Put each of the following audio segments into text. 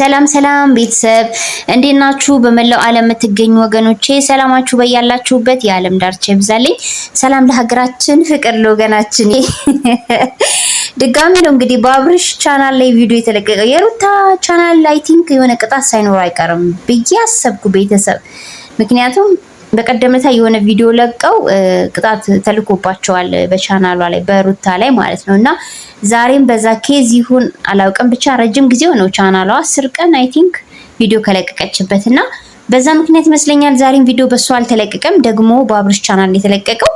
ሰላም ሰላም ቤተሰብ እንዴት ናችሁ? በመላው ዓለም የምትገኙ ወገኖቼ ሰላማችሁ በያላችሁበት የዓለም ዳርቻ ይብዛልኝ። ሰላም ለሀገራችን፣ ፍቅር ለወገናችን። ድጋሚ ነው እንግዲህ በአብርሽ ቻናል ላይ ቪዲዮ የተለቀቀው የሩታ ቻናል ላይ ቲንክ የሆነ ቅጣት ሳይኖር አይቀርም ብዬ አሰብኩ ቤተሰብ ምክንያቱም በቀደመታ የሆነ ቪዲዮ ለቀው ቅጣት ተልኮባቸዋል በቻናሏ ላይ በሩታ ላይ ማለት ነው። እና ዛሬም በዛ ኬዝ ይሁን አላውቅም፣ ብቻ ረጅም ጊዜ ሆነው ቻናሏ አስር ቀን አይ ቲንክ ቪዲዮ ከለቀቀችበት እና በዛ ምክንያት ይመስለኛል ዛሬም ቪዲዮ በሱ አልተለቀቀም። ደግሞ በአብርሽ ቻናል የተለቀቀው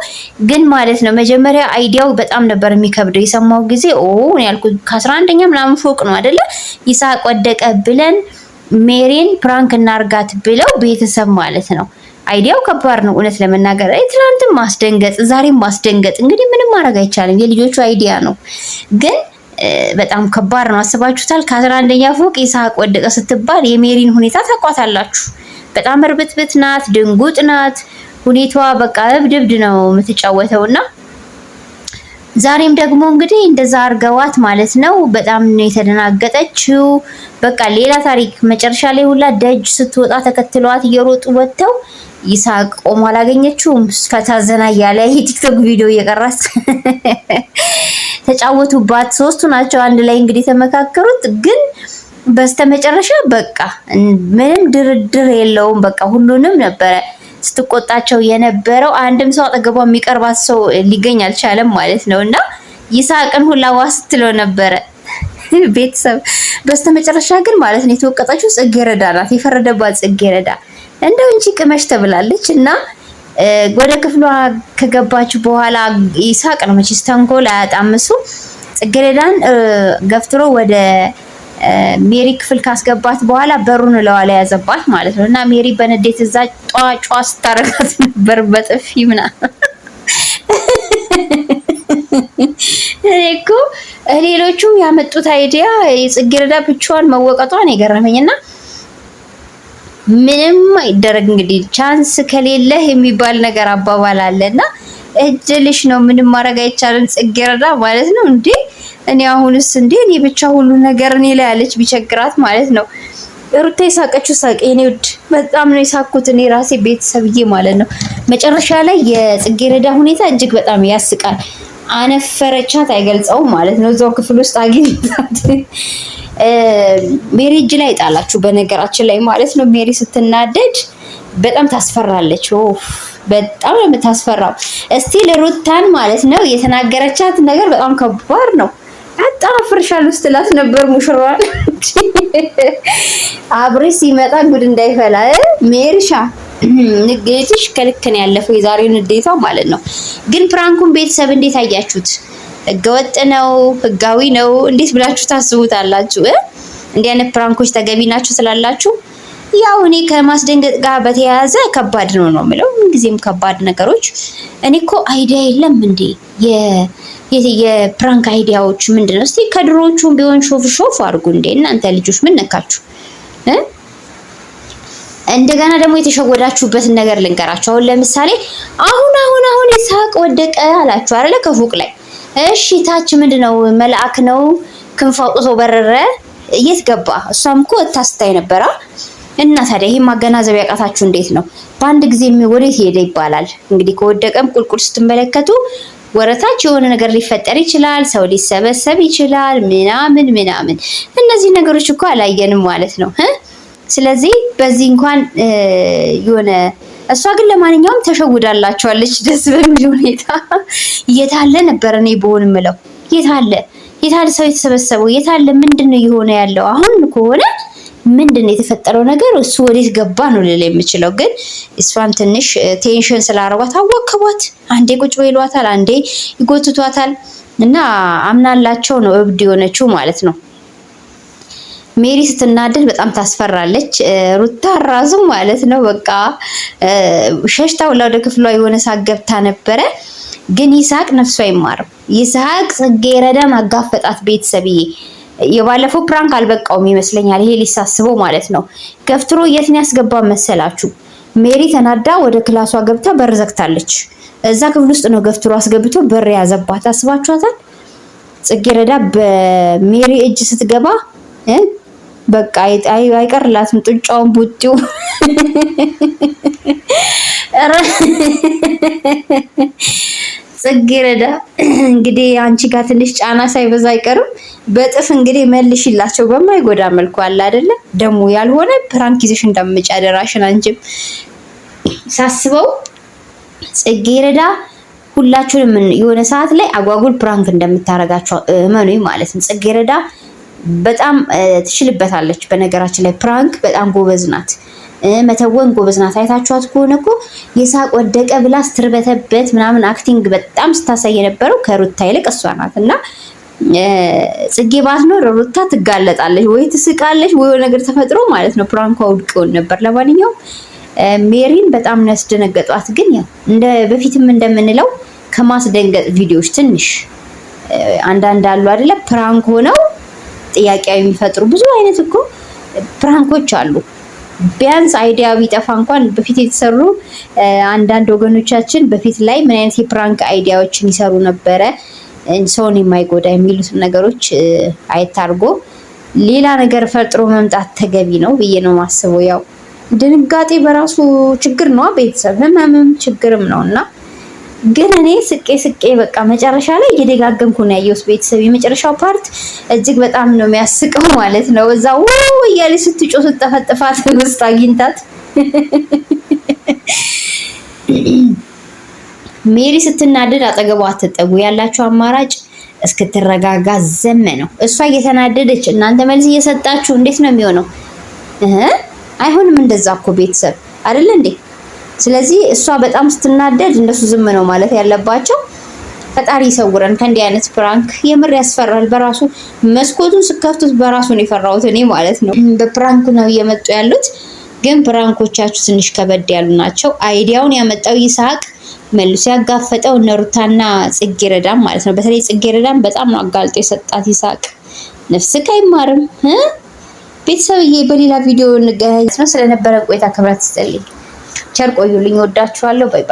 ግን ማለት ነው። መጀመሪያ አይዲያው በጣም ነበር የሚከብደው የሰማው ጊዜ ኦ ያልኩት ከአስራ አንደኛ ምናምን ፎቅ ነው አደለ ይሳቅ ወደቀ ብለን ሜሪን ፕራንክ እናርጋት ብለው ቤተሰብ ማለት ነው። አይዲያው ከባድ ነው እውነት ለመናገር ትናንትም ማስደንገጥ፣ ዛሬም ማስደንገጥ። እንግዲህ ምንም ማድረግ አይቻልም፣ የልጆቹ አይዲያ ነው። ግን በጣም ከባድ ነው። አስባችሁታል? ከአስራ አንደኛ ፎቅ ይስሐቅ ወደቀ ስትባል የሜሪን ሁኔታ ታቋታላችሁ በጣም እርብትብት ናት፣ ድንጉጥ ናት። ሁኔታዋ በቃ እብድ እብድ ነው የምትጫወተው እና ዛሬም ደግሞ እንግዲህ እንደዛ አርገዋት ማለት ነው። በጣም ነው የተደናገጠችው። በቃ ሌላ ታሪክ መጨረሻ ላይ ሁላ ደጅ ስትወጣ ተከትለዋት እየሮጡ ወጥተው ይሳቅ ቆሞ አላገኘችውም። ፈታ ዘና እያለ የቲክቶክ ቪዲዮ እየቀራች ተጫወቱባት። ሶስቱ ናቸው አንድ ላይ እንግዲህ የተመካከሩት ግን በስተመጨረሻ በቃ ምንም ድርድር የለውም። በቃ ሁሉንም ነበረ ስትቆጣቸው የነበረው አንድም ሰው አጠገቧ የሚቀርባት ሰው ሊገኝ አልቻለም ማለት ነው። እና ይሳቅን ሁላ ስትለው ነበረ ቤተሰብ። በስተመጨረሻ ግን ማለት ነው የተወቀጠችው ጽጌረዳ ናት፣ የፈረደባት ጽጌረዳ እንደው እንጂ ቅመሽ ተብላለች እና ወደ ክፍሏ ከገባች በኋላ ይሳቅ ነው መቼስ ተንኮል አያጣም ጽጌረዳን ገፍትሮ ወደ ሜሪ ክፍል ካስገባት በኋላ በሩን ለዋላ ያዘባት ማለት ነው። እና ሜሪ በንዴት እዛ ጧ ስታረጋት ነበር በጥፊ ምናምን። እኔ እኮ ሌሎቹ ያመጡት አይዲያ የጽጌረዳ ብቻዋን መወቀጧን የገረመኝ እና ምንም አይደረግ እንግዲህ ቻንስ ከሌለህ የሚባል ነገር አባባል አለና እጅልሽ ነው ምንም ማድረግ አይቻልም። ጽጌረዳ ማለት ነው እንዴ እኔ አሁንስ እንዴ እኔ ብቻ ሁሉ ነገር እኔ ላይ ያለች ቢቸግራት ማለት ነው። ሩታ የሳቀችው ሳቅ የኔ ውድ በጣም ነው የሳኩት እኔ ራሴ ቤተሰብዬ ማለት ነው። መጨረሻ ላይ የጽጌረዳ ሁኔታ እጅግ በጣም ያስቃል። አነፈረቻት አይገልጸውም ማለት ነው። እዛው ክፍል ውስጥ አግኝታት ሜሪ እጅ ላይ ጣላችሁ። በነገራችን ላይ ማለት ነው ሜሪ ስትናደድ በጣም ታስፈራለች። በጣም ነው የምታስፈራው። እስቲ ለሩታን ማለት ነው የተናገረቻት ነገር በጣም ከባድ ነው። በጣም ውስጥ ስትላት ነበር ሙሽራ አብሬ ሲመጣ ጉድ እንዳይፈላ ሜርሻ ንግግሽ ከልክ ያለፈው የዛሬውን ንዴቷ ማለት ነው። ግን ፕራንኩን ቤተሰብ እንዴት አያችሁት? ህገወጥ ነው ህጋዊ ነው እንዴት ብላችሁ ታስቡታላችሁ? እንዲህ አይነት ፕራንኮች ተገቢ ናቸው ስላላችሁ ያው እኔ ከማስደንገጥ ጋር በተያያዘ ከባድ ነው ነው የሚለው ምንጊዜም ከባድ ነገሮች። እኔ እኮ አይዲያ የለም እንዴ የፕራንክ አይዲያዎች ምንድን ነው? እስቲ ከድሮቹም ቢሆን ሾፍ ሾፍ አድርጉ እንዴ እናንተ ልጆች ምን ነካችሁ? እንደገና ደግሞ የተሸወዳችሁበትን ነገር ልንገራችሁ። አሁን ለምሳሌ አሁን አሁን አሁን ይስሐቅ ወደቀ አላችሁ አይደለ? ከፎቅ ላይ እሺ፣ ታች ምንድነው? መልአክ ነው ክንፍ አውጥቶ በረረ። የት ገባ? እሷም እኮ እታስታይ ነበራ እና ታዲያ ይሄ ማገናዘብ ያቃታችሁ እንዴት ነው? በአንድ ጊዜ ወዴት ሄደ ይባላል። እንግዲህ ከወደቀም ቁልቁል ስትመለከቱ ወረታች የሆነ ነገር ሊፈጠር ይችላል። ሰው ሊሰበሰብ ይችላል። ምናምን ምናምን እነዚህ ነገሮች እኮ አላየንም ማለት ነው። ስለዚህ በዚህ እንኳን የሆነ እሷ ግን ለማንኛውም ተሸውዳላችኋለች። ደስ በሚል ሁኔታ የታለ ነበር እኔ ብሆን ምለው የታለ የታለ ሰው የተሰበሰበው የታለ ምንድን ነው የሆነ ያለው አሁን ከሆነ ምንድን ነው የተፈጠረው ነገር እሱ ወዴት ገባ ነው ልል የምችለው። ግን እሷን ትንሽ ቴንሽን ስላረጓት አዋከቧት። አንዴ ቁጭ በይ ይሏታል፣ አንዴ ይጎትቷታል። እና አምናላቸው ነው እብድ የሆነችው ማለት ነው። ሜሪ ስትናደድ በጣም ታስፈራለች። ሩታ ራሱ ማለት ነው በቃ ሸሽታ ሁላ ወደ ክፍሏ የሆነ ሳቅ ገብታ ነበረ። ግን ይስሐቅ ነፍሱ አይማርም። ይስሐቅ ጽጌረዳን አጋፈጣት ቤተሰብዬ የባለፈው ፕራንክ አልበቃውም ይመስለኛል። ይሄ ሊሳስበው ማለት ነው። ገፍትሮ የትን ያስገባ መሰላችሁ? ሜሪ ተናዳ ወደ ክላሷ ገብታ በር ዘግታለች። እዛ ክፍል ውስጥ ነው ገፍትሮ አስገብቶ በር ያዘባት። አስባችኋታል? ጽጌረዳ በሜሪ እጅ ስትገባ በቃ አይቀርላትም ጡንጫውን ቡጢው ጽጌረዳ እንግዲህ አንቺ ጋር ትንሽ ጫና ሳይበዛ አይቀርም። በጥፍ እንግዲህ መልሽላቸው በማይጎዳ መልኩ አለ አይደለ? ደግሞ ያልሆነ ፕራንክ ይዘሽ እንዳትመጪ አደራሽን። አንቺም ሳስበው ጽጌረዳ ሁላችሁንም የሆነ ሰዓት ላይ አጓጉል ፕራንክ እንደምታረጋቸው እመኑኝ ማለት ነው። ጽጌረዳ በጣም ትችልበታለች። በነገራችን ላይ ፕራንክ በጣም ጎበዝ ናት። መተወን ጎበዝ ናት። አይታችኋት ከሆነ እኮ የሳቅ ወደቀ ብላ ስትርበተበት ምናምን አክቲንግ በጣም ስታሳይ የነበረው ከሩታ ይልቅ እሷ ናት እና ጽጌ ባትኖር ሩታ ትጋለጣለች፣ ወይ ትስቃለች፣ ወይ ነገር ተፈጥሮ ማለት ነው። ፕራንኳ ውድቅ ውድቅውን ነበር። ለማንኛውም ሜሪን በጣም ነው ያስደነገጧት። ግን ያው እንደ በፊትም እንደምንለው ከማስደንገጥ ቪዲዮዎች ትንሽ አንዳንድ አሉ አይደለ? ፕራንክ ሆነው ጥያቄ የሚፈጥሩ ብዙ አይነት እኮ ፕራንኮች አሉ። ቢያንስ አይዲያ ቢጠፋ እንኳን በፊት የተሰሩ አንዳንድ ወገኖቻችን በፊት ላይ ምን አይነት የፕራንክ አይዲያዎችን ይሰሩ ነበረ ሰውን የማይጎዳ የሚሉትን ነገሮች አይታርጎ ሌላ ነገር ፈጥሮ መምጣት ተገቢ ነው ብዬ ነው ማስበው። ያው ድንጋጤ በራሱ ችግር ነው፣ ቤተሰብ ህመምም ችግርም ነው እና ግን እኔ ስቄ ስቄ በቃ መጨረሻ ላይ እየደጋገምኩ ነው ያየሁት። ቤተሰብ የመጨረሻው ፓርት እጅግ በጣም ነው የሚያስቀው ማለት ነው። እዛ ዋው እያለች ስትጮ ስትጠፈጥፋት ውስጥ አግኝታት ሜሪ ስትናደድ አጠገቧ አትጠጉ ያላቸው አማራጭ እስክትረጋጋ ዘመ ነው። እሷ እየተናደደች እናንተ መልስ እየሰጣችሁ እንዴት ነው የሚሆነው? አይሆንም። እንደዛ እኮ ቤተሰብ አይደለ እንዴ? ስለዚህ እሷ በጣም ስትናደድ እነሱ ዝም ነው ማለት ያለባቸው። ፈጣሪ ይሰውረን ከእንዲህ አይነት ፕራንክ፣ የምር ያስፈራል። በራሱ መስኮቱን ስከፍቱት በራሱ ነው የፈራሁት እኔ ማለት ነው። በፕራንክ ነው እየመጡ ያሉት፣ ግን ፕራንኮቻችሁ ትንሽ ከበድ ያሉ ናቸው። አይዲያውን ያመጣው ይስሐቅ መልሶ ያጋፈጠው እነ ሩታና ጽጌረዳም ማለት ነው። በተለይ ጽጌረዳም በጣም ነው አጋልጦ የሰጣት ይስሐቅ። ነፍስክ አይማርም። ቤተሰብዬ፣ በሌላ ቪዲዮ እንገናኝ ነው። ስለነበረ ቆይታ ክብረት ስጠልኝ። ቸር ቆዩልኝ። ወዳችኋለሁ። ባይ ባይ።